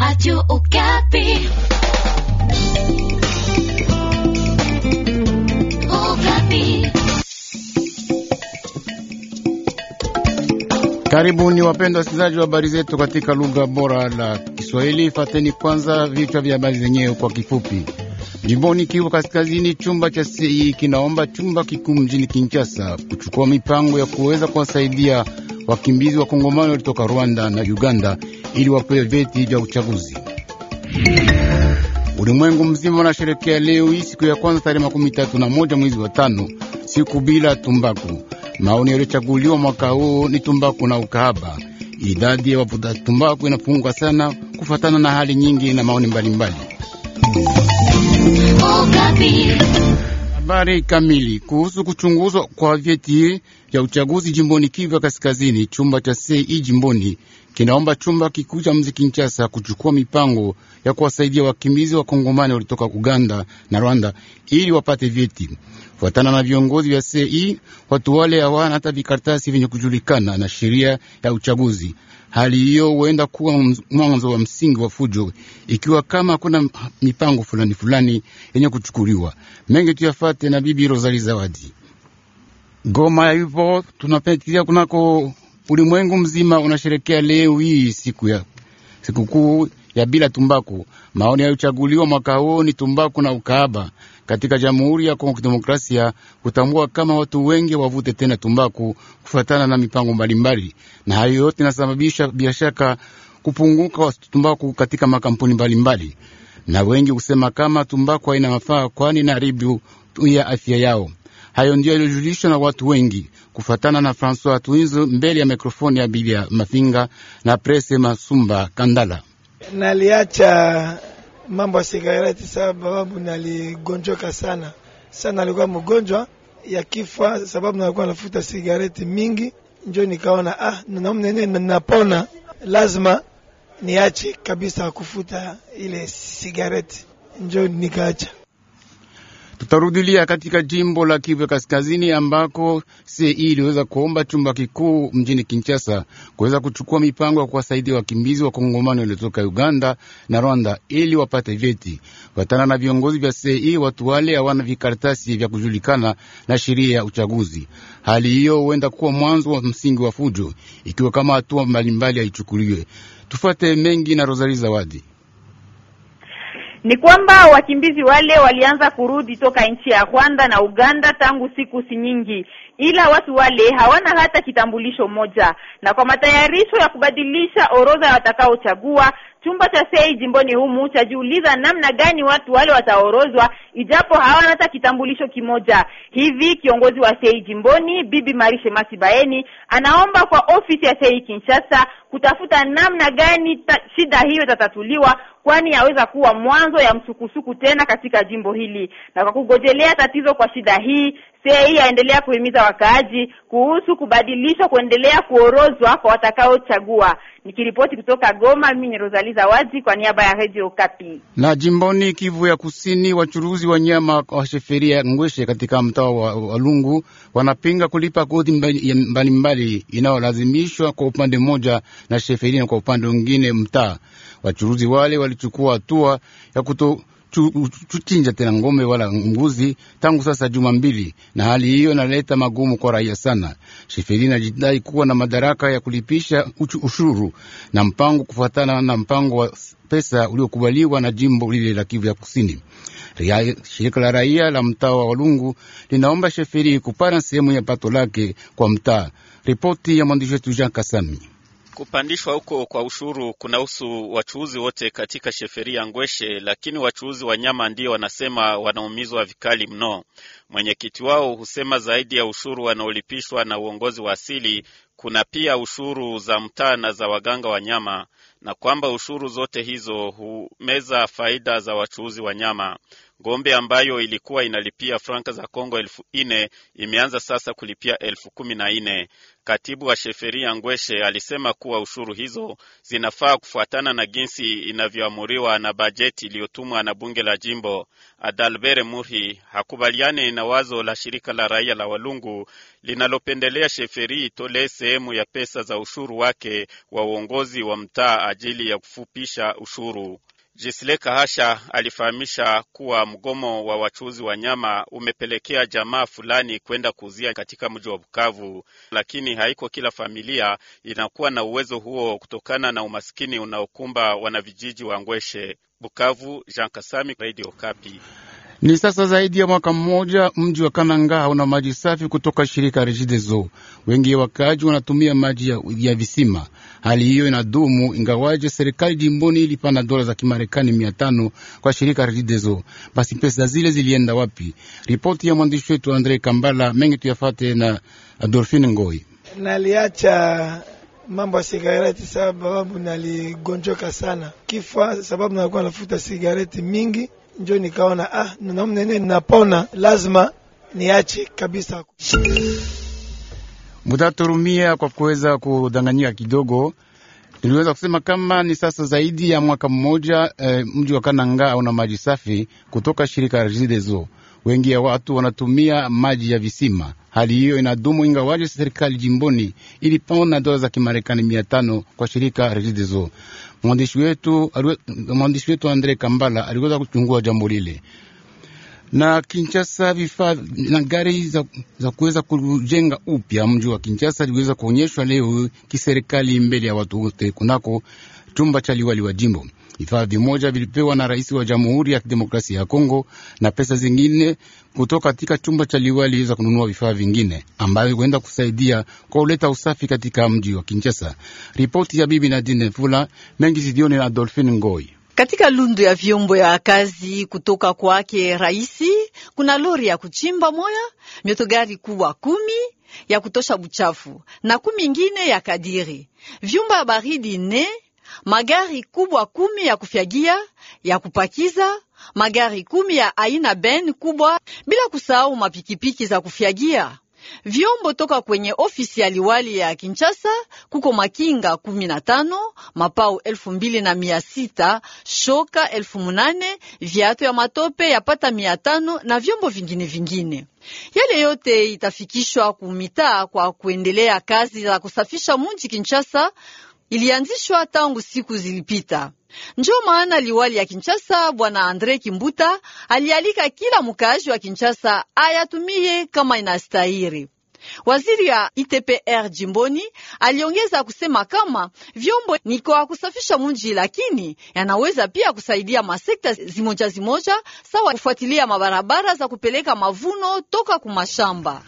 Radio Okapi. Okapi. Karibuni wapendwa wasikilizaji wa habari zetu katika lugha bora la Kiswahili. Fateni kwanza vichwa vya habari zenyewe kwa kifupi. Jimboni Kivu Kaskazini, chumba cha CEI e kinaomba chumba kikuu mjini Kinshasa kuchukua mipango ya kuweza kuwasaidia wakimbizi wa Kongomani walitoka Rwanda na Uganda ili wapewe vyeti vya uchaguzi. Ulimwengu mzima unasherekea leo hii siku ya kwanza tarehe makumi tatu na moja mwezi wa tano, siku bila tumbaku. Maoni yaliyochaguliwa mwaka huu ni tumbaku na ukahaba. Idadi ya wavuta tumbaku inapungua sana kufatana na hali nyingi na maoni mbalimbali mbali. Oh, Habari kamili kuhusu kuchunguzwa kwa vyeti vya uchaguzi jimboni Kivu ya Kaskazini. Chumba cha CEI jimboni kinaomba chumba kikuu cha mji Kinshasa kuchukua mipango ya kuwasaidia wakimbizi wa Kongomani walitoka Uganda na Rwanda ili wapate vyeti. Kufuatana na viongozi vya CEI, watu wale hawana hata vikaratasi vyenye kujulikana na sheria ya uchaguzi. Hali hiyo huenda kuwa mwanzo wa msingi wa fujo, ikiwa kama hakuna mipango fulani fulani yenye kuchukuliwa. Mengi tuyafate na Bibi Rozali Zawadi. Goma hivyo tunapitia kunako ulimwengu mzima unasherekea leo hii siku ya sikukuu ya bila tumbaku. Maoni yaliyochaguliwa mwaka huu ni tumbaku na ukaaba katika Jamhuri ya Kongo Kidemokrasia kutambua kama watu wengi wavute tena tumbaku kufuatana na mipango mbalimbali, na hayo yote inasababisha biashaka kupunguka wa tumbaku katika makampuni mbalimbali, na wengi kusema kama tumbaku haina mafaa, kwani inaharibu ya afya yao. Hayo ndio yaliyojulishwa na watu wengi kufuatana na Francois Twinzo mbele ya mikrofoni ya Bilia Mafinga na Prese Masumba Kandala naliacha mambo ya sigareti sababu naligonjoka sana sana, nalikuwa mgonjwa ya kifwa sababu nalikuwa nafuta sigareti mingi, njo nikaona ah, namnene napona, lazima niache kabisa kufuta ile sigareti, njo nikaacha. Tutarudilia katika jimbo la Kivu Kaskazini ambako CEI iliweza kuomba chumba kikuu mjini Kinshasa kuweza kuchukua mipango ya kuwasaidia wakimbizi wa Kongomani waliotoka Uganda na Rwanda ili wapate vyeti. Kufuatana na viongozi vya CEI, watu wale hawana vikaratasi vya kujulikana na sheria ya uchaguzi. Hali hiyo huenda kuwa mwanzo wa msingi wa fujo ikiwa kama hatua mbalimbali haichukuliwe. Tufate mengi na rosari Zawadi ni kwamba wakimbizi wale walianza kurudi toka nchi ya Rwanda na Uganda tangu siku si nyingi, ila watu wale hawana hata kitambulisho moja. Na kwa matayarisho ya kubadilisha orodha ya watakaochagua, chumba cha sei jimboni humu chajiuliza namna gani watu wale wataorozwa, ijapo hawana hata kitambulisho kimoja. Hivi kiongozi wa sei jimboni Bibi Marishe Masibaeni anaomba kwa ofisi ya sei Kinshasa kutafuta namna gani ta, shida hiyo itatatuliwa, kwani yaweza kuwa mwanzo ya msukusuku tena katika jimbo hili. Na kwa kugojelea tatizo kwa shida hii, sei yaendelea kuhimiza wakaaji kuhusu kubadilishwa, kuendelea kuorozwa kwa watakaochagua. Nikiripoti kutoka Goma, mimi ni rosali Zawadi kwa niaba ya Radio Okapi. Na jimboni Kivu ya Kusini, wachuruzi wa nyama wa sheferia Ngweshe katika mtaa wa Walungu wanapinga kulipa kodi mbalimbali inayolazimishwa kwa upande mmoja na Sheferina kwa upande mwingine mtaa. Wachuruzi wale walichukua hatua ya kuto chuchinja tena ngombe wala mbuzi tangu sasa juma mbili, na hali hiyo inaleta magumu kwa raia sana. Sheferina najidai kuwa na madaraka ya kulipisha ushuru na mpango kufuatana na mpango wa pesa uliokubaliwa na jimbo lile la Kivu ya Kusini. Shirika la raia la mtaa wa Walungu linaomba Sheferi kupana sehemu ya pato lake kwa mtaa. Ripoti ya mwandishi wetu Jean Kasami. Kupandishwa huko kwa ushuru kunahusu wachuuzi wote katika sheferia Ngweshe, lakini wachuuzi wa nyama ndio wanasema wanaumizwa vikali mno. Mwenyekiti wao husema zaidi ya ushuru wanaolipishwa na uongozi wa asili, kuna pia ushuru za mtaa na za waganga wa nyama, na kwamba ushuru zote hizo humeza faida za wachuuzi wa nyama. Ngombe ambayo ilikuwa inalipia franka za Kongo elfu imeanza sasa kulipia elfu kumi na ine. Katibu wa sheferia Ngweshe alisema kuwa ushuru hizo zinafaa kufuatana na jinsi inavyoamuriwa na bajeti iliyotumwa na bunge la jimbo. Adalbere Murhi hakubaliani na wazo la shirika la raia la Walungu linalopendelea sheferi itolee sehemu ya pesa za ushuru wake wa uongozi wa mtaa ajili ya kufupisha ushuru. Jisle Kahasha alifahamisha kuwa mgomo wa wachuuzi wa nyama umepelekea jamaa fulani kwenda kuuzia katika mji wa Bukavu, lakini haiko kila familia inakuwa na uwezo huo kutokana na umaskini unaokumba wanavijiji wa Ngweshe. Bukavu, Jean Kasami, Radio Kapi. Ni sasa zaidi ya mwaka mmoja mji wa Kananga hauna maji safi kutoka shirika Regideso. Wengi ya wakaaji wanatumia maji ya, ya visima. Hali hiyo inadumu ingawaje serikali jimboni ilipana dola za Kimarekani mia tano kwa shirika Regideso. Basi pesa zile zilienda wapi? Ripoti ya mwandishi wetu Andre Kambala. Mengi tuyafate na Adolfine Ngoi. Naliacha mambo ya sigareti sababu naligonjoka sana kifa, sababu nakuwa nafuta sigareti mingi njo nikaona ah, namna nene ninapona lazima niache kabisa. Mutaturumia kwa kuweza kudanganyika kidogo. Niliweza kusema kama ni sasa zaidi ya mwaka mmoja, eh, mji wa Kananga una maji safi kutoka shirika Regideso wengi ya watu wanatumia maji ya visima. Hali hiyo inadumu ingawaje serikali jimboni ilipona dola za Kimarekani mia tano kwa shirika Regideso. Mwandishi wetu, mwandishi wetu Andre Kambala aliweza kuchungua jambo lile na Kinshasa vifaa na gari za, za kuweza kujenga upya mji wa Kinshasa liweza kuonyeshwa leo kiserikali mbele ya watu wote kunako chumba cha liwali wa jimbo. Vifaa vimoja vilipewa na rais wa Jamhuri ya Kidemokrasia ya Kongo na pesa zingine kutoka katika chumba cha liwali iliweza kununua vifaa vingine ambayo huenda kusaidia kwa kuleta usafi katika mji wa Kinshasa. Ripoti ya bibi Nadine Fula mengi zidioni na Adolphine Ngoi. Katika lundu ya vyombo ya kazi kutoka kwake raisi, kuna lori ya kuchimba moya mioto gari kubwa kumi ya kutosha buchafu na kumi ingine ya kadiri vyumba ya baridi ne magari kubwa kumi ya kufyagia ya kupakiza, magari kumi ya aina ben kubwa, bila kusahau mapikipiki za kufyagia. Vyombo toka kwenye ofisi ya liwali ya Kinshasa kuko makinga kumi na tano, mapau elfu mbili na mia sita, shoka elfu munane, viatu ya matope yapata mia tano na vyombo vingine vingine. Yale yote itafikishwa kumitaa kwa kuendelea kazi za kusafisha munji Kinshasa ilianzishwa tangu siku zilipita. Njo maana liwali ya Kinshasa bwana Andre Kimbuta alialika kila mukaaji wa Kinshasa ayatumie kama inastahiri. Waziri ya ITPR jimboni aliongeza kusema kama vyombo ni kwa kusafisha mji, lakini yanaweza pia kusaidia masekta zimoja zimoja, sawa kufuatilia mabarabara za kupeleka mavuno toka kumashamba.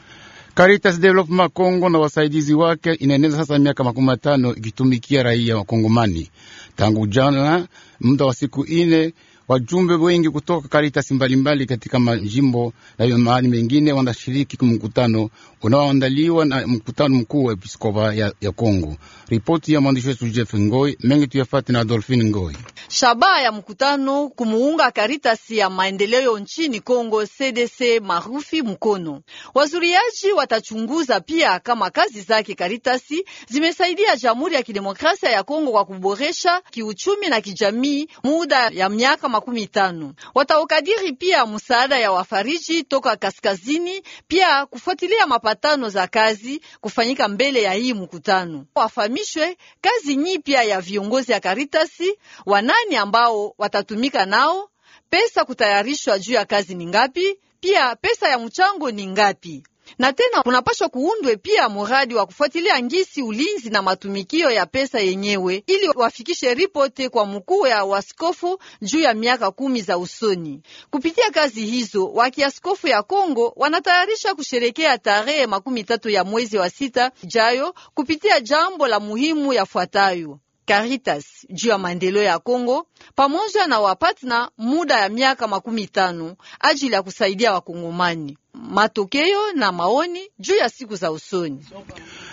Caritas Development Kongo na wasaidizi wake inaeneza sasa miaka makumi matano ikitumikia raia wa Kongomani tangu jana muda wa siku ine Wajumbe wengi kutoka karitasi mbalimbali katika majimbo na mahali mengine wanashiriki mkutano unaoandaliwa na mkutano mkuu wa episkopa ya, ya Kongo. Ripoti ya mwandishi wetu Jeff Ngoi, mengi tuyafati na Adolfine Ngoi. Shabaha ya mkutano kumuunga Karitasi ya maendeleo nchini Kongo CDC marufi mkono. Wazuriaji watachunguza pia kama kazi zake Karitasi zimesaidia Jamhuri ya Kidemokrasia ya Kongo kwa kuboresha kiuchumi na kijamii muda ya miaka makumi tano. Wataukadiri pia msaada ya wafariji toka kaskazini, pia kufuatilia mapatano za kazi kufanyika mbele ya hii mkutano. Wafamishwe kazi nyipya ya viongozi ya Karitasi, wanani ambao watatumika nao, pesa kutayarishwa juu ya kazi ni ngapi, pia pesa ya mchango ni ngapi na tena kunapashwa kuundwe pia muradi wa kufuatilia ngisi ulinzi na matumikio ya pesa yenyewe, ili wafikishe ripote kwa mkuu ya waskofu juu ya miaka kumi za usoni. Kupitia kazi hizo, wakiaskofu ya Kongo wanatayarisha kusherekea tarehe makumi tatu ya mwezi wa sita jayo kupitia jambo la muhimu yafuatayo: Caritas juu ya maendeleo ya Kongo pamoja na wapatna muda ya miaka makumi tano ajili ya kusaidia wakongomani matokeo na maoni juu ya siku za usoni.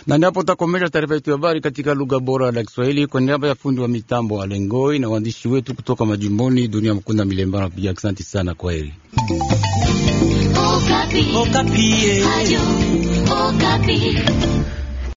Na ndipo takomesha taarifa yetu ya habari katika lugha bora la Kiswahili kwa niaba ya fundi wa mitambo Alengoi na waandishi wetu kutoka majimboni Dunia Mkunda Milemba na pia Asante sana, kwa heri. Okapi. Okapi.